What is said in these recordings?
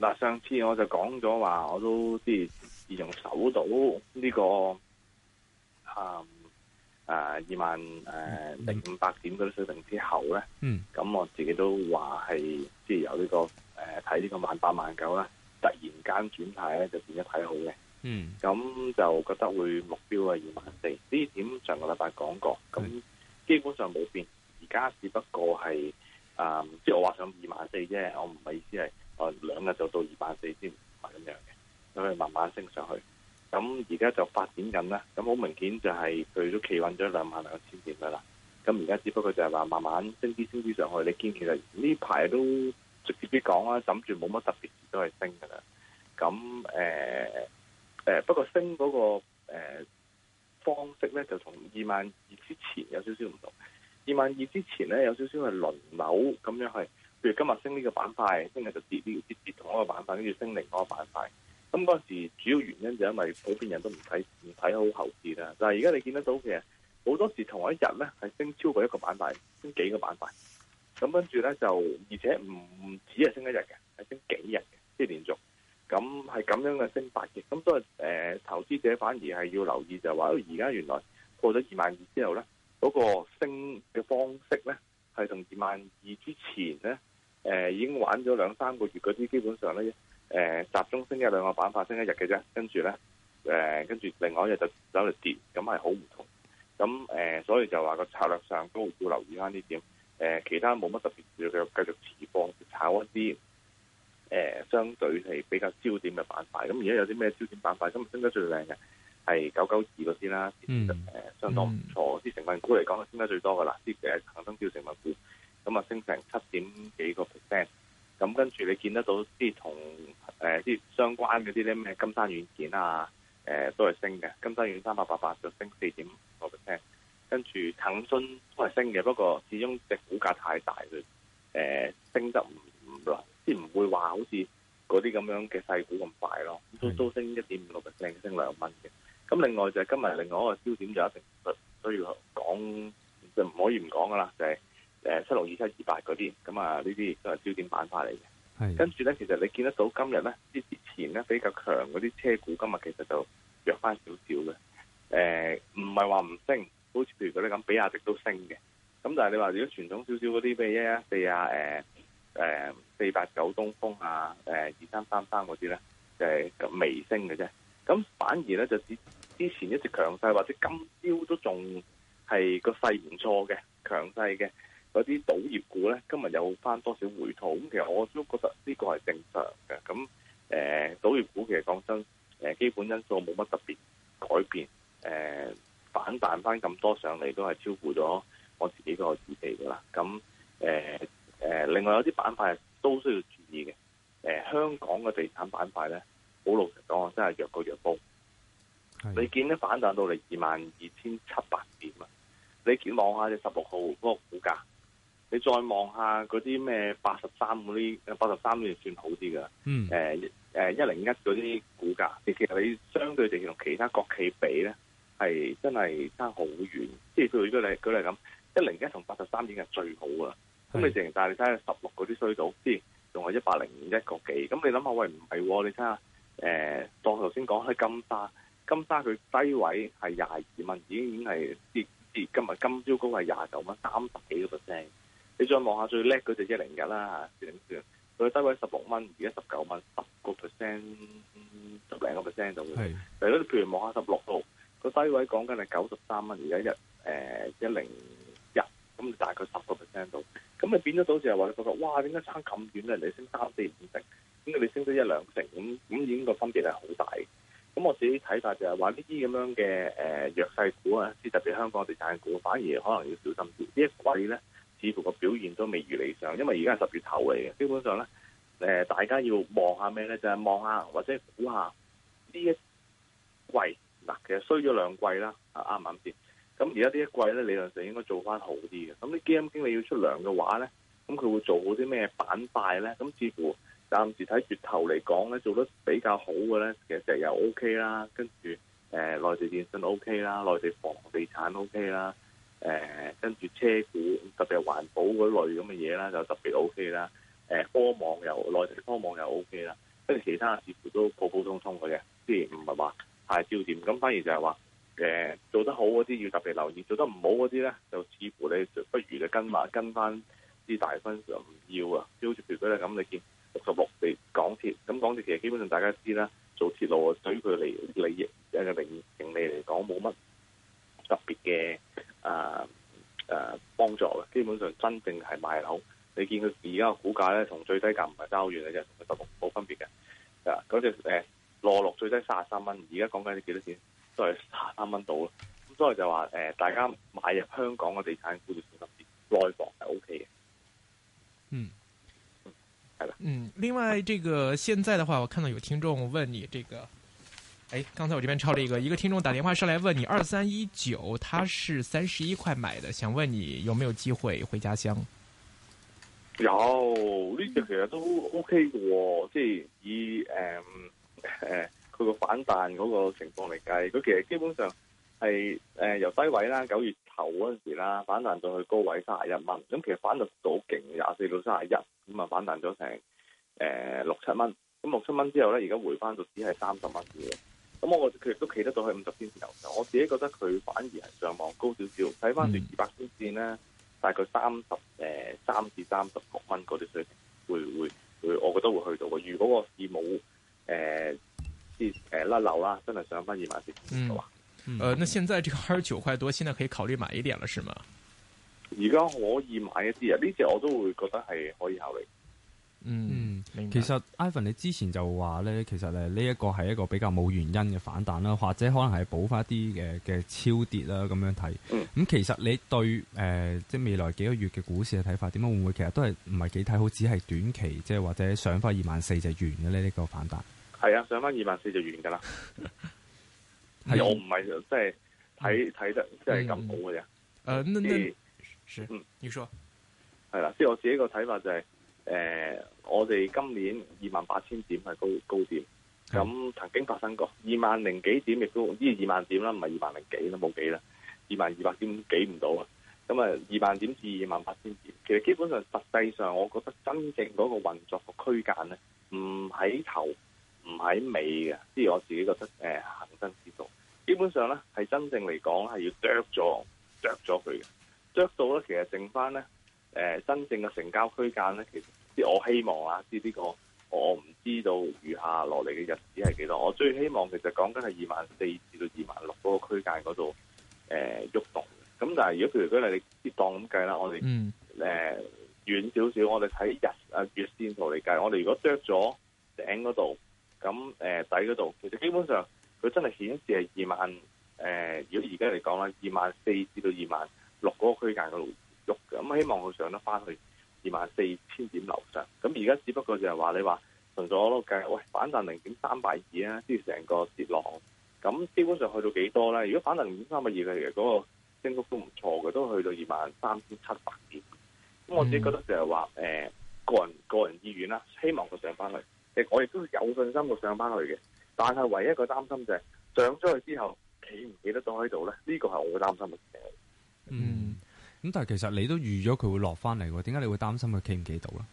嗱，上次我就講咗話，我都即係自從守到呢個、嗯、啊誒二萬誒零、呃、五百點嗰啲水平之後咧，嗯，咁我自己都話係即係由呢個誒睇呢個萬八萬九咧，突然間轉態咧，就變咗睇好嘅，嗯，咁就覺得會目標啊二萬四呢點上個禮拜講過，咁基本上冇變，而家只不過係啊、嗯，即係我話想二萬四啫，我唔係意思係。誒，兩日就到二萬四千五咁樣嘅，所以慢慢升上去。咁而家就發展緊啦。咁好明顯就係佢都企穩咗兩萬兩千點噶啦。咁而家只不過就係話慢慢升啲升啲上去。你見其實呢排都直接啲講啦，諗住冇乜特別事都係升噶啦。咁誒誒，不過升嗰、嗰個誒、呃、方式咧就同二萬二之前有少少唔同。二萬二之前咧有少少係輪流咁樣去。譬如今日升呢個板塊，聽日就跌呢，跌跌同一個板塊，跟住升另外一個板塊，咁嗰時主要原因就因為普遍人都唔睇唔睇好後市啦。但係而家你見得到嘅，好多時同一日咧係升超過一個板塊，升幾個板塊。咁跟住咧，就而且唔止係升一日嘅，係升幾日嘅，即係連續。咁係咁樣嘅升法嘅。咁所以誒，投資者反而係要留意就係話，而家原來過咗二萬二之後咧，嗰個升嘅方式咧係同二萬二之前咧。誒，已經玩咗兩三個月嗰啲，基本上咧，誒，集中升一兩個板塊，升一日嘅啫，跟住咧，誒，跟住另外一日就走嚟跌，咁係好唔同。咁誒，所以就話個策略上都要留意翻呢點。誒，其他冇乜特別要繼續持貨炒一啲，誒，相對係比較焦點嘅板塊。咁而家有啲咩焦點板塊？今日升得最靚嘅係九九二嗰啲啦，其實誒相當唔錯，啲成分股嚟講，升得最多噶啦，跌嘅係恒生叫成分股。咁啊，升成七點幾個 percent。咁跟住你見得到啲同誒啲、呃、相關嗰啲咧，咩金山軟件啊，誒、呃、都係升嘅。金山軟件三百八八就升四點六個 percent。跟住騰訊都係升嘅，不過始終隻股價太大，佢、呃、誒升得唔難，即係唔會話好似嗰啲咁樣嘅細股咁快咯。都都升一點五六 percent，升兩蚊嘅。咁另外就係今日另外一個焦點就一定需要講，就唔可以唔講噶啦，就係、是。誒七六二七二八嗰啲，咁啊呢啲都係焦點板塊嚟嘅。係的，跟住咧，其實你見得到今日咧，啲之前咧比較強嗰啲車股，今日其實就弱翻少少嘅。誒、呃，唔係話唔升，好似譬如嗰啲咁，比亞迪都升嘅。咁但係你話如果傳統少少嗰啲，咩？一一四、呃、四啊，誒誒四八九東風啊，誒二三三三嗰啲咧，就係、是、咁微升嘅啫。咁反而咧就指之前一直強勢，或者今朝都仲係個勢唔錯嘅強勢嘅。嗰啲賭業股咧，今日有翻多少回吐。咁其實我都覺得呢個係正常嘅。咁誒，賭業股其實講真，誒，基本因素冇乜特別改變。誒，反彈翻咁多上嚟，都係超乎咗我自己個預期噶啦。咁誒誒，另外有啲板塊都需要注意嘅。誒，香港嘅地產板塊咧，好老實講，我真係弱過藥煲。的你見咧反彈到嚟二萬二千七百點啊！你望下你十六號嗰個股價。你再望下嗰啲咩八十三嗰啲，八十三都要算好啲噶。誒誒一零一嗰啲股價，其實你相對地同其他國企比咧，係真係差好遠。即係佢佢你舉例咁一零一同八十三已經係最好是想想啊。咁你淨係你睇下十六嗰啲衰到先，仲係一百零一個幾。咁你諗下喂唔係？你睇下誒當頭先講開金沙，金沙佢低位係廿二蚊，已經已經係跌跌今日今朝高係廿九蚊，三十幾個 percent。你再望下最叻嗰隻一零一啦嚇，算唔算？佢低位十六蚊，而家十九蚊，十個 percent，十零個 percent 度。係。嗱是，如果你譬如望下十六號，個低位講緊係九十三蚊，而家一誒一零一，咁大概十個 percent 度。咁你變咗到時話你覺得：嘩「哇點解差咁遠咧？你升三四五成，咁你升咗一兩成？咁咁已經個分別係好大。咁我自己睇法就係話呢啲咁樣嘅誒、呃、弱勢股啊，即特別香港嘅地產股反而可能要小心啲。這一呢一季咧。似乎個表現都未如理想，因為而家係十月頭嚟嘅，基本上咧，誒大家要望下咩咧，就係望下或者估下呢一季嗱，其實衰咗兩季啦，啱唔啱先？咁而家呢一季咧，理論上應該做翻好啲嘅。咁啲基金經理要出糧嘅話咧，咁佢會做好啲咩板塊咧？咁似乎暫時睇月頭嚟講咧，做得比較好嘅咧，其實就又 OK 啦。跟住誒、呃，內地電信 OK 啦，內地房地產 OK 啦。誒跟住車股特別係環保嗰類咁嘅嘢啦，就特別 O K 啦。誒科網又內地科網又 O K 啦，跟住其他似乎都普普通通嘅，即係唔係話太焦點。咁反而就係話誒做得好嗰啲要特別留意，做得唔好嗰啲咧，就似乎你不如就跟埋跟翻啲大分就唔要啊，標住住佢咧。咁你見六十六地，港鐵，咁港鐵其實基本上大家知啦，做鐵路對於佢嚟利益嘅名義盈利嚟講冇乜特別嘅。誒誒，幫助嘅，基本上真正係買樓，你見佢而家個股價咧，同最低價唔係差好遠嚟啫，同佢十毫冇分別嘅。啊，嗰隻誒羅樂最低三十三蚊，而家講緊你幾多錢，都係三十三蚊到咯。咁所以就話誒，大家買入香港嘅地產股嚟做內房係 OK 嘅。嗯，係啦。嗯，另外，呢個現在嘅話，我看到有聽眾問你這個。誒，剛才我這邊抄了一個，一個聽眾打電話上來問你，二三一九，他是三十一塊買的，想問你有沒有機會回家鄉？有呢隻其實都 OK 嘅。哦，即係以誒誒佢個反彈嗰個情況嚟計，佢其實基本上係誒、呃、由低位啦，九月頭嗰陣時啦，反彈到去高位卅一蚊，咁其實反彈到好勁廿四到卅一，咁啊反彈咗成誒六七蚊，咁六七蚊之後咧，而家回翻到只係三十蚊。咁、嗯、我我佢都企得到去五十天線頭上，我自己覺得佢反而係上望高少少。睇翻住二百天線咧，大概三十誒三至三十六蚊嗰啲水平，會會會，我覺得會去到嘅。如果個市冇誒跌誒甩漏啦，真係上翻二萬四千嘅話，誒、嗯，那現在這個二十九塊多，嗯、現在可以考慮買一點了，是嗎？而家可以買一啲啊，呢隻我都會覺得係可以考慮。嗯，白其實 Ivan 你之前就話咧，其實咧呢一個係一個比較冇原因嘅反彈啦，或者可能係補翻啲誒嘅超跌啦，咁樣睇。嗯。咁其實你對誒、呃、即係未來幾個月嘅股市嘅睇法，點解會唔會其實都係唔係幾睇好，只係短期即係或者上翻二萬四就完嘅咧？呢、這個反彈。係啊，上翻二萬四就完噶啦。係 我唔係即係睇睇得即係咁好嘅啫。誒，那那嗯，要說係啦，即係、嗯啊啊、我自己個睇法就係、是。誒、呃，我哋今年二萬八千點係高高點，咁的曾經發生過二萬零幾點也，亦都呢二萬點啦，唔係二萬零幾都冇幾啦，二萬二百點幾唔到啊！咁、嗯、啊，二萬點至二萬八千點，其實基本上實際上，我覺得真正嗰個運作個區間咧，唔喺頭，唔喺尾嘅，即係我自己覺得誒恆、呃、生指數基本上咧，係真正嚟講係要啄咗啄咗佢嘅，啄到咧，其實剩返咧。誒、呃、真正嘅成交區間咧，其實啲我希望啊，啲呢個我唔知道餘下落嚟嘅日子係幾多少。我最希望其實講緊係二萬四至到二萬六嗰個區間嗰度，誒喐動。咁但係如果譬如舉例如，跌當咁計啦，我哋誒、嗯呃、遠少少，我哋睇日啊月線圖嚟計，我哋如果着咗頂嗰度，咁誒、呃、底嗰度，其實基本上佢真係顯示係二萬誒，如果而家嚟講咧，二萬四至到二萬六嗰個區間度。咁希望佢上得翻去二萬四千點樓上，咁而家只不過就係話你話，純粹我咯計，喂反彈零點三百二啊，啲成個跌落，咁基本上去到幾多咧？如果反彈零點三百二嚟嘅，嗰個升幅都唔錯嘅，都去到二萬三千七百點。咁我自己覺得就係話，誒個人個人意願啦，希望佢上翻去，即我亦都有信心佢上翻去嘅。但係唯一個擔心就係上咗去之後，企唔企得到喺度咧？呢個係我嘅擔心嘅嘢。嗯。嗯咁但係其實你都預咗佢會落翻嚟喎，點解你會擔心佢企唔企到咧？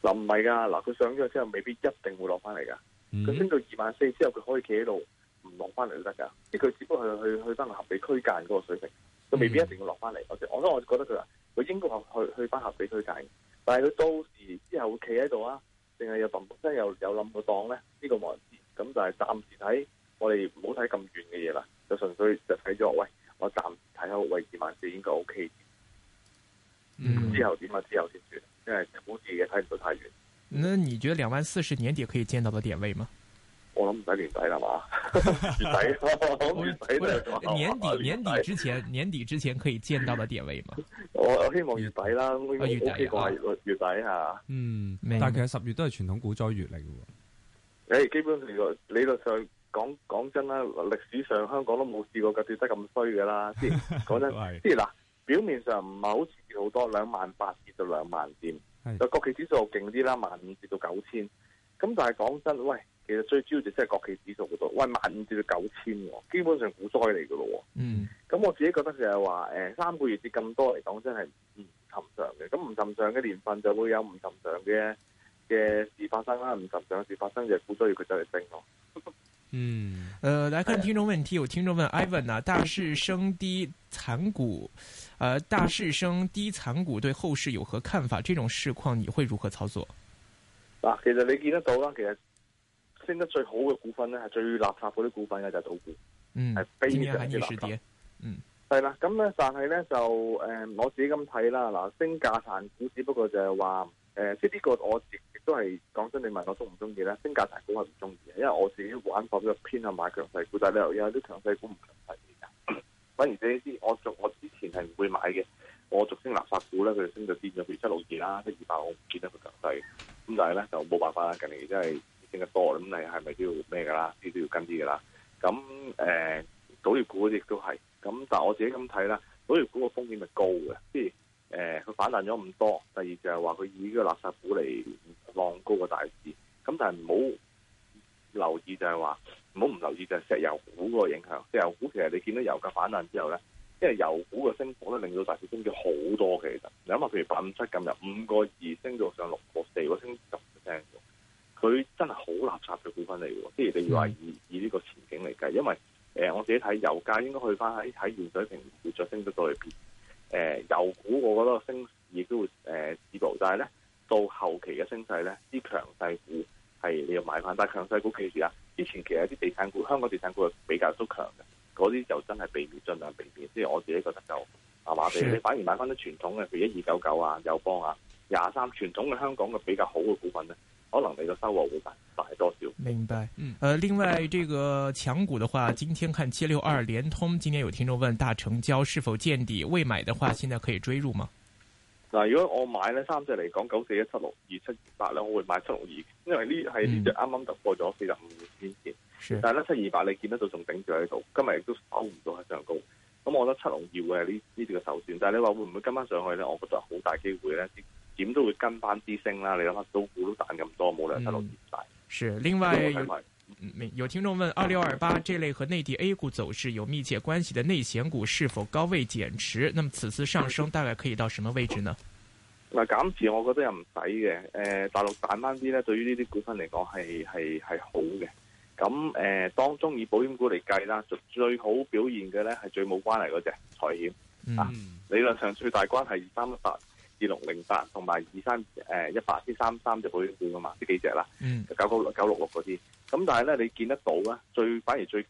嗱唔係噶，嗱佢、啊、上咗之後未必一定會落翻嚟噶。佢、嗯、升到二萬四之後，佢可以企喺度唔落翻嚟都得噶。即係佢只不過去去去翻合理區間嗰個水平，佢未必一定要落翻嚟。我得、嗯、我覺得佢啊佢應該去去翻合理區間，但係佢到時之後會企喺度啊，定係有蓬勃真有有冧、個檔咧？呢個冇人知。咁就係暫時睇，我哋唔好睇咁遠嘅嘢啦。就純粹就睇咗喂，我暫時睇下喂，二萬四應該 O、OK、K。之後點啊？之後點算，因為股市嘢，睇唔到太遠。那你覺得兩萬四是年底可以見到嘅點位嗎？我諗唔使年底啦嘛，月底，我年底，年底之前，年底之前可以見到嘅點位嘛？我我希望月底啦，月底呢，月底吓。嗯，但其實十月都係傳統股災月嚟嘅。誒，基本上理論上講，講真啦，歷史上香港都冇試過嘅跌得咁衰嘅啦。即係講真，即係嗱。表面上唔係好似跌好多，兩萬八跌到兩萬點，就是國企指數勁啲啦，萬五跌到九千。咁但係講真，喂，其實最主要就真係國企指數嗰度，喂，萬五跌到九千，基本上股災嚟噶咯。嗯。咁、嗯、我自己覺得就係話，誒，三個月跌咁多嚟講真係唔尋常嘅。咁唔尋常嘅年份就會有唔尋常嘅嘅事發生啦，唔尋常嘅事發生就是、股災，佢就嚟升咯。嗯。誒、呃，來看聽眾問題，有聽眾問 Ivan 啊，大事升低，殘股。誒、呃，大市升低殘股對後市有何看法？這種市況你會如何操作？嗱，其實你見得到啦，其實升得最好嘅股份咧係最垃圾嗰啲股份嘅就係賭股，嗯，係非常之垃圾。嗯，係啦，咁咧，但係咧就誒、呃，我自己咁睇啦，嗱，升價殘股只不過就係話，誒、呃，即係呢個我亦都係講真，你問我中唔中意咧？升價殘股我唔中意嘅，因為我自己玩法比較偏向買強勢股，但係又又有啲強勢股唔強勢。反而呢啲我做我之前係唔會買嘅，我做升垃圾股咧，佢升就跌咗，譬如七六二啦，七二八我唔見得佢強勢，咁但係咧就冇辦法啦。近嚟真係升得多，咁你係咪都要咩噶啦？呢都要跟啲噶啦。咁誒，賭、呃、業股亦都係，咁但係我自己咁睇啦，賭業股個風險咪高嘅，即係誒佢反彈咗咁多，第二就係話佢以呢個垃圾股嚟浪高個大市，咁但係唔好。留意就係話，唔好唔留意就係、是、石油股個影響。石油股其實你見到油價反彈之後咧，因為油股嘅升幅咧令到大市升咗好多其實。你諗下，譬如八五七今日五個二升到上六個四，個升十個 percent 佢真係好垃圾嘅股份嚟嘅。即係你如話以呢個前景嚟計，因為誒我自己睇油價應該去翻喺喺現水平，會再升得多啲。誒、呃、油股我覺得升亦都會誒止步，但係咧到後期嘅升勢咧啲強勢股。係你要買翻，但係強勢股企住啊，其實以前其實啲地產股，香港地產股比較都強嘅，嗰啲就真係避免，儘量避免。即係我自己覺得就啊話俾你，反而買翻啲傳統嘅，譬如一二九九啊、友邦啊、廿三傳統嘅香港嘅比較好嘅股份咧，可能你嘅收穫會，會大多少。明白。嗯，誒，另外這個強股嘅話，今天看七六二聯通，今天有聽眾問大成交是否見底，未買嘅話，現在可以追入嗎？嗱，如果我買咧，三隻嚟講，九四一七六、二七二八咧，我會買七六二，因為剛剛、嗯、呢係呢隻啱啱突破咗四十五元線線，但係咧七二八你見得到仲頂住喺度，今日亦都收唔到喺上高，咁、嗯、我覺得七六二會係呢呢條嘅首選。但係你話會唔會跟返上去咧？我覺得好大機會咧，點都會跟返啲升啦。你諗下，都股都彈咁多，冇兩七六跌曬。但是另外。嗯、有聽眾問：二六二八這類和內地 A 股走勢有密切關係的內險股是否高位減持？那麼此次上升大概可以到什麼位置呢？嗱、嗯，減持我覺得又唔使嘅。誒，大陸彈翻啲咧，對於呢啲股份嚟講係係係好嘅。咁誒，當中以保險股嚟計啦，最最好表現嘅咧係最冇關係嗰隻財險。嗯，理論上最大關係二三一八、二六零八同埋二三誒一八啲三三隻保險股啊嘛，呢幾隻啦。九九六、九六六嗰啲。咁但係咧，你見得到咧，最反而最。